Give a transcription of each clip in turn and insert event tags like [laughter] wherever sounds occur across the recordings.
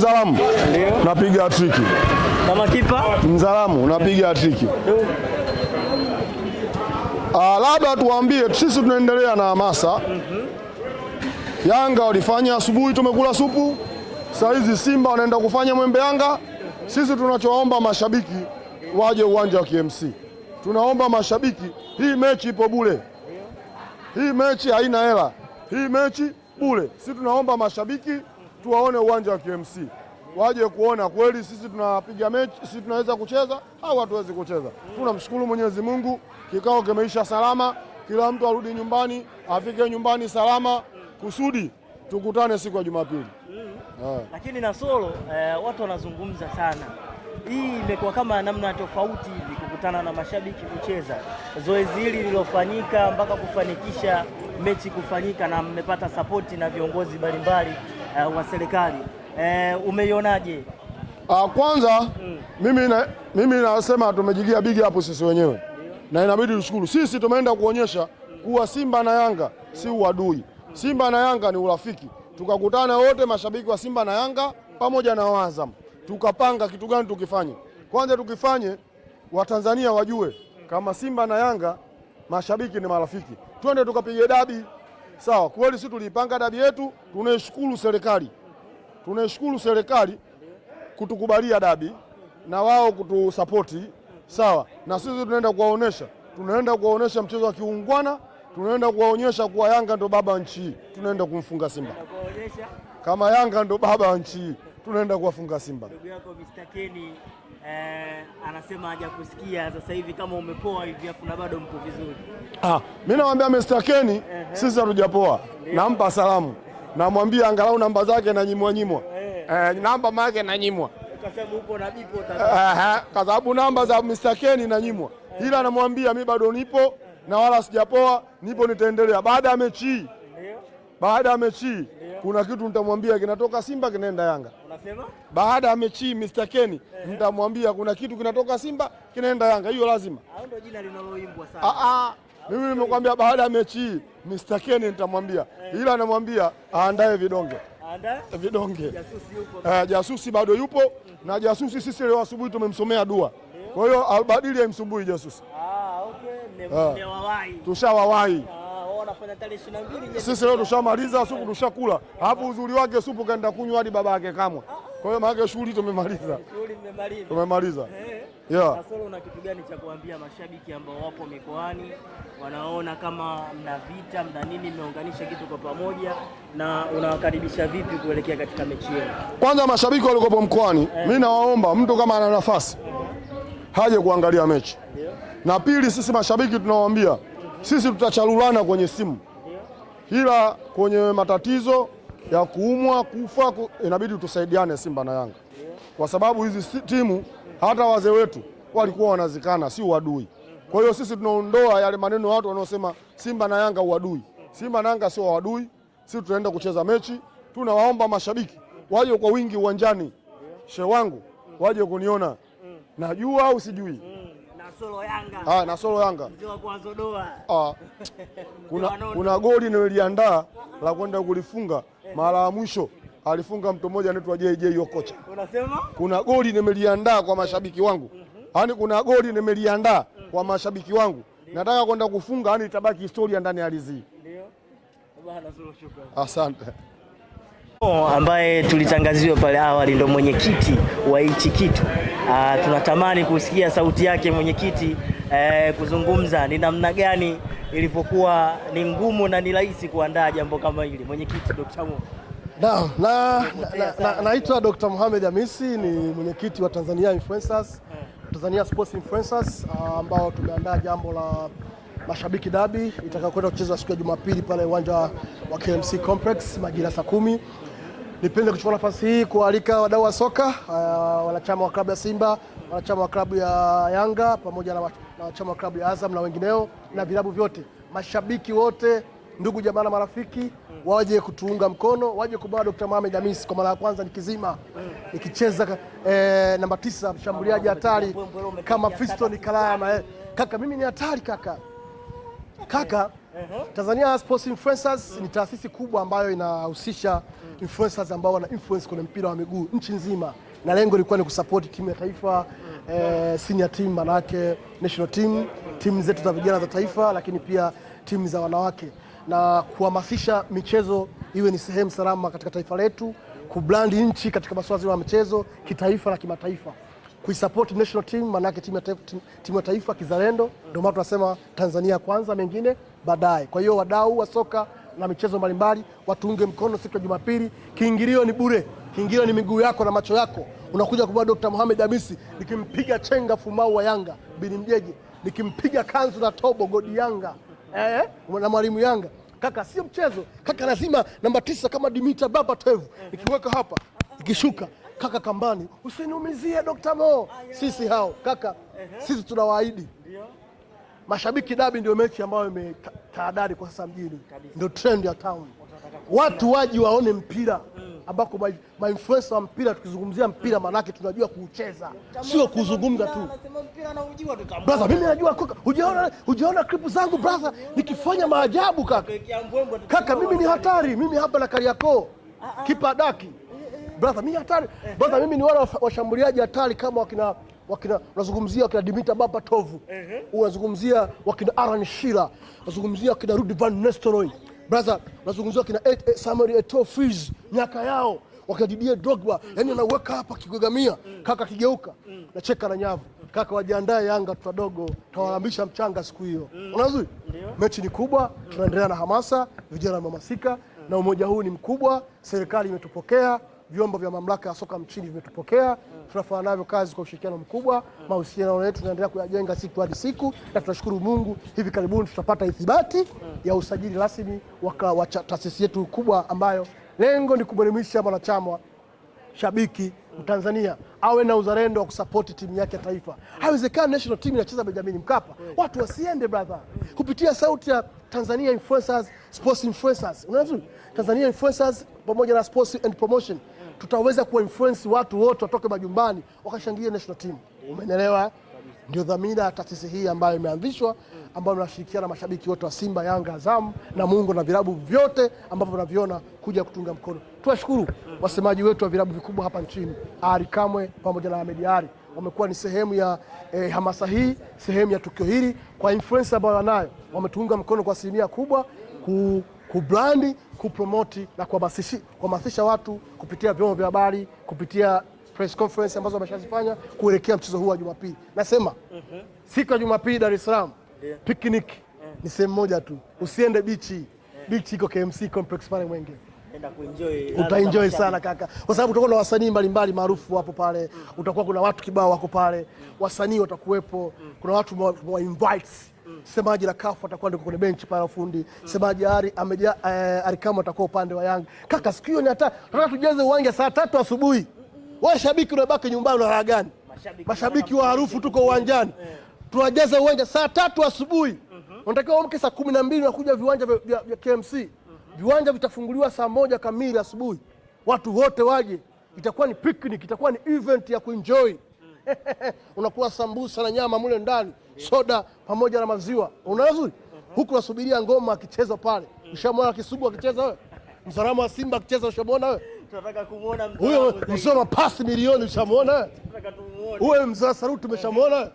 mzalamu napiga hatriki kama kipa mzalamu napiga hatriki. Ah, labda tuwaambie sisi tunaendelea na hamasa Yanga walifanya asubuhi, tumekula supu. Saa hizi Simba wanaenda kufanya mwembe Yanga. Sisi tunachoomba mashabiki waje uwanja wa KMC, tunaomba mashabiki, hii mechi ipo bure, hii mechi haina hela, hii mechi bure. Sisi tunaomba mashabiki tuwaone uwanja wa KMC waje kuona kweli sisi tunapiga mechi, sisi tunaweza kucheza au hatuwezi kucheza. Tunamshukuru Mwenyezi Mungu, kikao kimeisha salama, kila mtu arudi nyumbani, afike nyumbani salama, kusudi tukutane siku ya Jumapili. Yeah. Mm-hmm. Lakini Nasoro eh, watu wanazungumza sana, hii imekuwa kama namna tofauti hivi kukutana na mashabiki kucheza, zoezi hili lilofanyika mpaka kufanikisha mechi kufanyika, na mmepata sapoti na viongozi mbalimbali eh, wa serikali eh, umeionaje? Ah, kwanza mm. mimi, na, mimi nasema tumejigia bigi hapo sisi wenyewe na inabidi tushukuru sisi tumeenda kuonyesha kuwa Simba na Yanga si uadui, Simba na Yanga ni urafiki. Tukakutana wote mashabiki wa Simba na Yanga pamoja na wazam tukapanga kitu gani tukifanye. Kwanza tukifanye Watanzania wajue kama Simba na Yanga mashabiki ni marafiki, twende tukapige dabi. Sawa, kweli, si tuliipanga dabi yetu. Tunaishukuru serikali tunashukuru serikali kutukubalia dabi na wao kutusapoti, sawa na sisi tunaenda kuwaonesha, tunaenda kuwaonesha mchezo wa kiungwana, tunaenda kuwaonyesha kuwa Yanga ndo baba nchi hii, tunaenda kumfunga Simba kama Yanga ndo baba wa nchi hii, tunaenda kuwafunga Simba. Ndugu yako Mr. eh, anasema hajakusikia sasa hivi kama umepoa hivi kuna bado mpo vizuri. Ah, mimi nawaambia Mr. keni uh -huh. Sisi hatujapoa, nampa salamu namwambia angalau namba zake nanyimwa nyimwa, eh. eh, namba make nanyimwa kwa sababu namba za Mr. Ken nanyimwa, eh. ila namwambia mi bado nipo na wala sijapoa, nipo nitaendelea. Baada ya mechi hii, baada ya mechi hii kuna kitu nitamwambia kinatoka Simba kinaenda Yanga. Unasema? Baada ya mechi hii Mr. Ken eh. nitamwambia kuna kitu kinatoka Simba kinaenda Yanga, hiyo lazima. Hao ndio jina linaloimbwa sana. Ah, ah mimi nimekwambia baada ya mechi hii Mr. Kenny nitamwambia, eh. ila namwambia aandae vidonge vidonge. Jasusi yupo, Uh, jasusi bado yupo Na jasusi sisi leo asubuhi tumemsomea dua, eh. kwa hiyo albadili ah, haimsumbui jasusi. Ah, okay. Ah. Tushawawahi ah, sisi leo tushamaliza supu tushakula, alafu uzuri wake supu kaenda kunywa hadi baba yake kamwa. Kwa hiyo maana shughuli tumemaliza, tumemaliza. Yeah. Kasolo, una kitu gani cha kuambia mashabiki ambao wapo mikoani wanaona kama mna vita mna nini, mmeunganisha kitu kwa pamoja, na unawakaribisha vipi kuelekea katika mechi yenu? Kwanza mashabiki walikopo mkoani eh, mimi nawaomba mtu kama ana nafasi eh. haje kuangalia mechi yeah. Na pili, sisi mashabiki tunawaambia sisi tutacharulana kwenye simu yeah, ila kwenye matatizo ya kuumwa kufa ku... inabidi tusaidiane Simba na Yanga yeah, kwa sababu hizi timu hata wazee wetu walikuwa wanazikana, si uadui. Kwa hiyo sisi tunaondoa yale maneno watu wanaosema Simba na Yanga uadui. Simba na Yanga sio uadui, sisi tunaenda kucheza mechi. Tunawaomba mashabiki waje kwa wingi uwanjani, she wangu waje kuniona, najua au sijui solo Yanga. Ah, Nasolo Yanga. Ha, ah. [laughs] Kuna, kuna goli niliandaa la kwenda kulifunga mara ya mwisho alifunga mtu mmoja anaitwa JJ Okocha. Unasema? Kuna goli nimeliandaa kwa mashabiki wangu, mhm. yaani kuna goli nimeliandaa kwa mashabiki wangu, nataka kwenda kufunga, yaani itabaki historia ndani ya ardhi. Asante. ambaye tulitangaziwa pale awali ndo mwenyekiti wa hichi kitu. Ah, tunatamani kusikia sauti yake mwenyekiti e, kuzungumza ni namna gani ilivyokuwa ni ngumu na ni rahisi kuandaa jambo kama hili. Mwenyekiti Dr. Mo na, na naitwa Dr. Mohamed Hamisi ni mwenyekiti wa Tanzania Influencers, Tanzania Sports Influencers ah, ambao tumeandaa jambo la mashabiki dabi itakayokwenda kuchezwa siku ya Jumapili pale uwanja wa KMC Complex majira saa kumi. Nipende kuchukua nafasi hii kualika wadau wa soka uh, wanachama wa klabu ya Simba, wanachama wa klabu ya Yanga pamoja na wanachama wa klabu ya Azam na wengineo na vilabu vyote, mashabiki wote, ndugu jamaa na marafiki waje kutuunga mkono, waje kumwona Dr. Mohamed amis kwa mara ya kwanza nikizima nikicheza eh, namba tisa mshambuliaji hatari kama Fiston Kalama eh. Kaka mimi ni hatari kaka, kaka Tanzania Sports Influencers ni taasisi kubwa ambayo inahusisha influencers ambao wana influence kwenye mpira wa miguu nchi nzima, na lengo lilikuwa ni kusupport timu ya taifa eh, senior team manake national team, timu zetu za vijana za taifa, lakini pia timu za wanawake na kuhamasisha michezo iwe ni sehemu salama katika taifa letu, kublandi nchi katika masuala ya michezo kitaifa na kimataifa, kuisupport national team, maana timu ya taifa, taifa kizalendo. Ndio maana tunasema Tanzania kwanza, mengine baadaye. Kwa hiyo wadau wa soka na michezo mbalimbali watuunge mkono siku ya Jumapili. Kiingilio ni bure, kiingilio ni miguu yako na macho yako. Unakuja kuona Dr. Mohamed Hamisi nikimpiga chenga Fumau wa Yanga, Bini Mjegi nikimpiga kanzu na tobo Godi Yanga eh, na mwalimu Yanga kaka, sio mchezo kaka, lazima namba tisa kama Dimita Baba Tevu nikiweka hapa ikishuka kaka kambani, usiniumizie Dr. Mo. Sisi hao kaka, sisi tunawaahidi mashabiki, dabi ndio mechi ambayo imetaadari kwa sasa mjini, ndio trend ya town, watu waji waone mpira ambako ma, influencer wa mpira, tukizungumzia mpira maanake tunajua kuucheza, sio kuzungumza tu brother. Mimi najua hujaona hujaona clip zangu brother, nikifanya maajabu kaka, kaka, mimi ni hatari. Mimi hapa na Kariakoo ah, ah. kipa daki eh, eh, eh. brother, mimi hatari brother, mimi ni wale washambuliaji hatari kama wakina wakina unazungumzia wakina Dimitar Baba Tovu, unazungumzia wakina Aran shira unazungumzia wakina rudi van Nistelrooy brother, unazungumziwa kina eh, Samuel Eto'o Fils, miaka yao wakadidie Drogba, yani anaweka hapa kigogamia kaka, kigeuka nacheka na nyavu kaka, wajiandae Yanga tutadogo tawalambisha mchanga siku hiyo. Unazui mechi ni kubwa, tunaendelea na hamasa, vijana wamehamasika na umoja huu ni mkubwa. Serikali imetupokea, vyombo vya mamlaka ya soka mchini vimetupokea tunafanya navyo kazi kwa ushirikiano mkubwa. Mahusiano yetu tunaendelea kuyajenga siku hadi siku, na tunashukuru Mungu, hivi karibuni tutapata ithibati ya usajili rasmi wa taasisi yetu kubwa, ambayo lengo ni kumwelimisha mwanachama shabiki Mtanzania awe na uzalendo wa kusapoti timu yake ya taifa. Haiwezekani national team inacheza Benjamin Mkapa, watu wasiende brother. Kupitia sauti ya Tanzania influencers, sports influencers, unajua Tanzania influencers pamoja na sports and promotion tutaweza kuwainfluence watu wote watoke majumbani wakashangilia national team. Umeelewa? Ndio dhamira ya taasisi hii ambayo imeanzishwa, ambayo tunashirikiana na mashabiki wote wa Simba, Yanga, Azam na Mungu na vilabu vyote ambavyo tunaviona kuja kutunga mkono. Tuwashukuru wasemaji wetu wa vilabu vikubwa hapa nchini, Ari Kamwe pamoja na Ahmed Ali, wamekuwa ni sehemu ya eh, hamasa hii, sehemu ya tukio hili, kwa influence ambayo wanayo, wametuunga mkono kwa asilimia kubwa ku kubrandi, kupromoti na kuhamasisha watu kupitia vyombo vya habari, kupitia press conference ambazo wameshazifanya kuelekea mchezo huu wa Jumapili. Nasema uh-huh. siku ya Jumapili Dar es Salaam yeah. picnic yeah. Mhm. ni sehemu moja tu, usiende bichi yeah. bichi iko KMC complex pale Mwenge utaenjoy sana kaka, kwa sababu utakuwa na wasanii mbalimbali maarufu hapo pale mm. utakuwa kuna watu kibao wako pale mm. wasanii watakuwepo mm. kuna watu wa invites Semaji la kafu atakuwa ndio kwenye benchi pale fundi. Semaji ari ameja eh, Arikama atakuwa upande wa Yanga. Kaka siku hiyo ni hata tunataka tujeze uwanja saa tatu asubuhi. Wewe shabiki unabaki nyumbani una raha gani? Mashabiki wa harufu tuko uwanjani. Eh. Tunajaza uwanja saa tatu asubuhi. Mhm. Unatakiwa uamke saa kumi na mbili unakuja viwanja vya KMC. Mhm. Viwanja vitafunguliwa saa moja kamili asubuhi. Watu wote waje. Itakuwa ni picnic, itakuwa ni event ya kuenjoy. Mm. [laughs] Unakuwa sambusa na nyama mule ndani soda pamoja na maziwa, unaona vizuri huku, nasubiria ngoma akicheza pale. Ushamwona Kisugu akicheza wewe? Msalama wa Simba akicheza ushamwona wewe? Tunataka kumuona huyo msoma pasi milioni, ushamwona wewe? wewe, mzaa saruti umeshamwona wewe?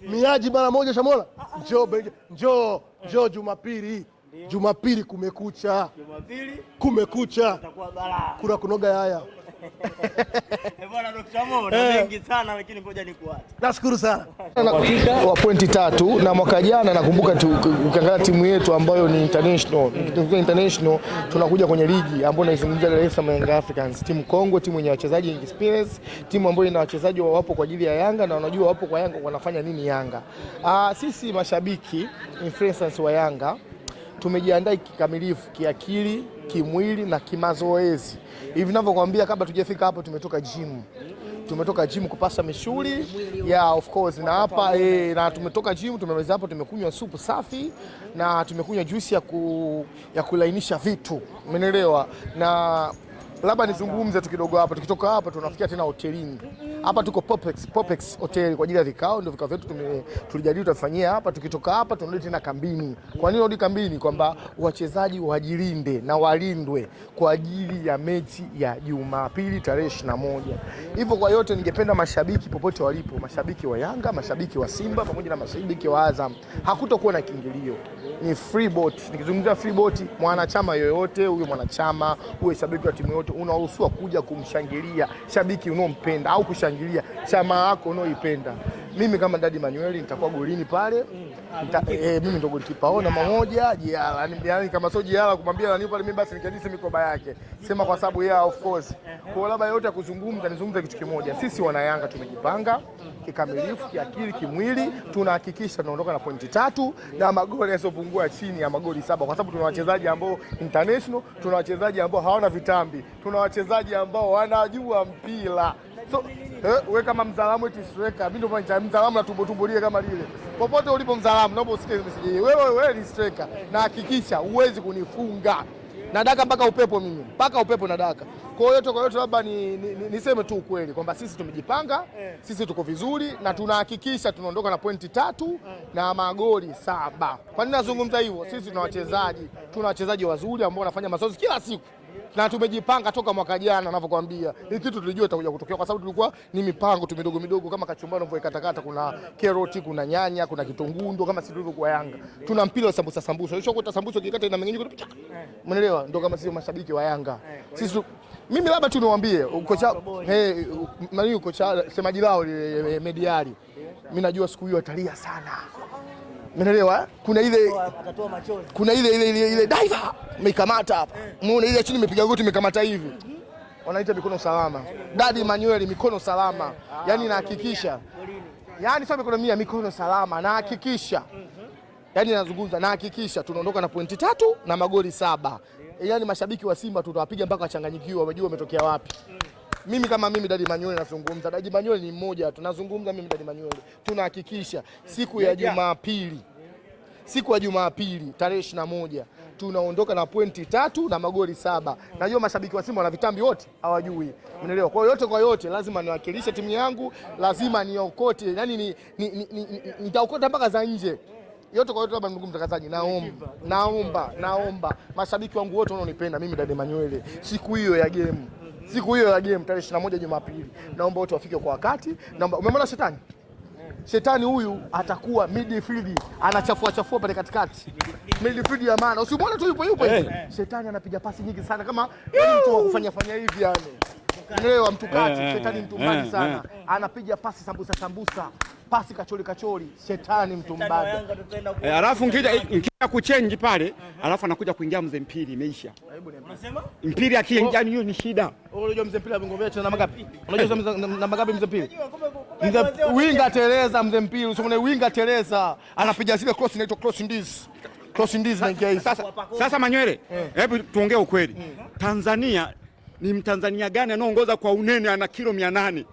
Miaji mara moja ushamwona? Ah, ah. Njoo njoo njoo Jumapili. Jumapili kumekucha. Jumapili kumekucha. Kuna kunoga yaya [laughs] Eh, eh. Nashukuru sana wa pointi tatu na mwaka jana nakumbuka, ukiangalia timu yetu ambayo ni international, international tunakuja kwenye ligi ambayo naizungumzia Dar es Salaam Young Africans, timu kongwe, timu yenye wachezaji experience, timu ambayo ina wachezaji wapo kwa ajili ya Yanga na wanajua wapo kwa Yanga wanafanya nini Yanga. Ah, sisi mashabiki influencers wa Yanga tumejiandaa kikamilifu kiakili kimwili na kimazoezi. Hivi ninavyokuambia, kabla tujafika hapo, tumetoka gym, tumetoka gym mishuli ya yeah, of course. Na hapa eh, na tumetoka gym, tumemaliza hapo, tumekunywa supu safi na tumekunywa juisi ya, ku, ya kulainisha vitu, umenielewa na labda nizungumze tu kidogo hapa. Tukitoka hapa tunafikia tena hotelini hapa, tuko Popex, Popex hoteli kwa ajili ya vikao, ndio vikao vyetu tulijadili tutafanyia hapa. Tukitoka hapa tunarudi tena kambini. Kwa nini rudi kambini? Kwamba wachezaji wajilinde na walindwe kwa ajili ya mechi ya Jumapili tarehe moja. Hivyo kwa yote, ningependa mashabiki popote walipo, mashabiki wa Yanga, mashabiki wa Simba pamoja na mashabiki wa Azam, hakutokuwa na kiingilio ni free boat. Nikizungumzia free boat, mwanachama yoyote huyo, mwanachama huwe shabiki wa timu yoyote, unaruhusiwa kuja kumshangilia shabiki unaompenda au kushangilia chama yako unaoipenda mimi kama Dadi Manueli nitakuwa golini pale nita, eh, mimi ndo golikipa ona mmoja jiala yani, kama sio jiala kumwambia nani pale mimi basi nikadisi mikoba yake sema, kwa sababu yeye of course kwa labda yote kuzungumza, nizungumze kitu kimoja. Sisi wana Yanga tumejipanga kikamilifu, kiakili, kimwili, tunahakikisha tunaondoka na pointi tatu na magoli yasiyopungua chini ya magoli saba, kwa sababu tuna wachezaji ambao international, tuna wachezaji ambao hawana vitambi, tuna wachezaji ambao wanajua mpira so, Eh, we kama mzalamu eti striker. Mimi ndio mzalamu na tumbo tumbo lile kama lile. Popote ulipo mzalamu naomba usikie message hii. Wewe wewe ni striker na hakikisha uwezi kunifunga. Nadaka mpaka upepo mimi. Mpaka upepo nadaka. Kwa hiyo yote kwa yote labda ni, ni, ni, niseme tu ukweli kwamba sisi tumejipanga, eh. sisi tuko vizuri na tunahakikisha tunaondoka na pointi tatu eh. na magoli saba. Kwa nini nazungumza hivyo? Eh, sisi tuna wachezaji, tuna wachezaji wazuri ambao wanafanya mazoezi kila siku na tumejipanga toka mwaka jana, ninavyokuambia hii kitu tulijua itakuja kutokea, kwa sababu tulikuwa ni mipango tu midogo midogo, kama kachumbano unavyoikatakata, kuna karoti, kuna nyanya, kuna kitunguu, ndo kama sisi tulivyokuwa Yanga tuna mpira wa sambusa sambusa. kwa sambusa kikata ina mengenyo, mnaelewa? Ndo kama sisi mashabiki wa Yanga sisi mimi labda tu niwaambie kocha eh, kocha semaji lao eh, Mediari, mimi najua siku hiyo atalia sana. Umeelewa? Kuna ile atatoa machozi. Kuna ile ile ile ile diver meikamata hapa. Eh. Muone ile chini imepiga goti imekamata hivi. Wanaita mikono salama. Dadi Manuel mikono salama. Yaani nahakikisha. Yaani sio mikono mia mikono salama nahakikisha. Yaani nazungumza nahakikisha tunaondoka na pointi tatu na magoli saba. Yaani mashabiki wa Simba tutawapiga mpaka wachanganyikiwe wajue wametokea wapi mimi kama mimi Daddy Manywele nazungumza. Daddy Manywele ni mmoja, tunazungumza mimi Daddy Manywele, tunahakikisha siku ya Jumapili, siku ya Jumapili tarehe ishirini na moja tunaondoka na pointi tatu na magoli saba. Najua mashabiki wa Simba wana vitambi wote hawajui, mnaelewa. Kwa yote kwa yote, lazima niwakilishe timu yangu, lazima niokote, yani ni, ni, ni, ni, ni, nitaokota mpaka za nje yote kwa yote, labda ndugu mtangazaji, naomba naomba naomba mashabiki wangu wote wanaonipenda mimi Daddy Manywele siku hiyo ya game siku hiyo ya game tarehe 21 Jumapili. Naomba wote wafike kwa wakati. Naomba umemwona shetani? Shetani huyu atakuwa midfield, anachafua chafua pale katikati. Midfield ya maana. Usimwone tu yupo yupo. Hey. Shetani anapiga pasi nyingi sana kama yaani mtu wa kufanya fanya hivi yani. Leo mtukati, shetani mtumbani sana. Anapiga pasi sambusa sambusa pasi kachori kachori, shetani mtu mbaya. E, Alafu nkija eh, kuchenji pale, alafu anakuja kuingia mzee mpili, imeisha. Mpili akiingia oh. hiyo ni shida. Unajua mzee mpili anagombea tena magapi? Unajua na magapi mzee mpili? Mzee winga teleza, mzee mpili usione winga teleza, anapiga zile cross, inaitwa cross ndizi cross ndizi na ingia hizi. Sasa sasa, Manywele, eh. hebu tuongee ukweli, mm. Tanzania ni mtanzania gani anaongoza kwa unene ana kilo 800?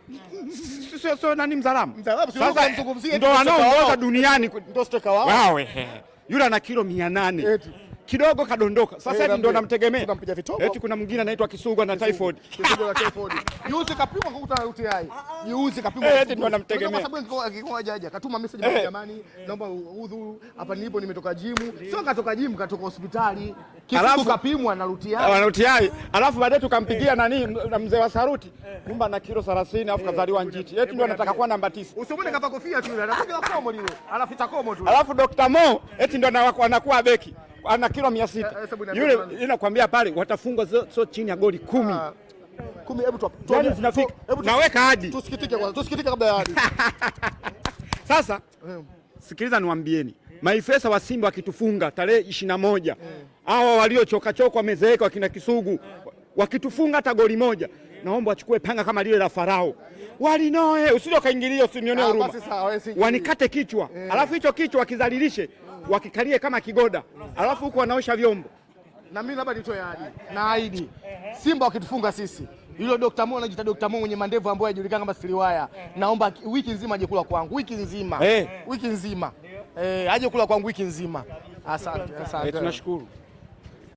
sio sio nani mzalamu. Sasa ndo kumzungumzia. anaongoza duniani ndo steka wao. Wawe. Yule ana kilo 800 kidogo kadondoka. Sasa eh, hivi ndo namtegemea. Eti kuna mwingine anaitwa Kisugwa na typhoid. Kisugwa na typhoid. Juzi kapimwa kukuta na UTI. Juzi kapimwa. Eh, eti ndo namtegemea. Kwa sababu akikoja jaja katuma message kwa eh. jamani, naomba udhu hapa nilipo nimetoka gym. Sio katoka gym, katoka hospitali. Kisugwa kapimwa na UTI. Na UTI. Alafu baadaye tukampigia nani na mzee wa Saruti. Kumba na kilo 30 alafu kazaliwa njiti. Eti ndo anataka kuwa namba 9. Usimuone kapa kofia tu. Anataka komo lile. Alafu takomo tu. Alafu Dr. Mo eti ndo anakuwa beki ana kilo mia sita eh, eh, yule, inakwambia pale watafungwa so chini ya goli kumi ah, Kumi, hebu yaani tu zinafika, naweka hadi tusikitike kwanza, tusikitike kabla ya hadi [laughs] sasa. Eh. Sikiliza niwaambieni, maifesa wa Simba wakitufunga tarehe ishirini na moja hawa waliochokachoka wamezeeka, wakina Kisugu wakitufunga hata goli moja, naomba wachukue panga kama lile la Farao walinoe, usije ukaingilia, usinione ah, huruma, wanikate kichwa, alafu hicho kichwa wakizalilishe wakikalia kama kigoda, alafu huku wanaosha vyombo. Na mimi labda nitoe ahadi na ahidi, Simba wakitufunga sisi yule Dr. Mo anajiita Dr. Mo mwenye mandevu ambaye anajulikana kama Siliwaya, naomba wiki nzima aje kula kwangu wiki nzima, eh. wiki nzima eh, aje kula kwangu wiki nzima. Asante, asante. Hey, eh, tunashukuru.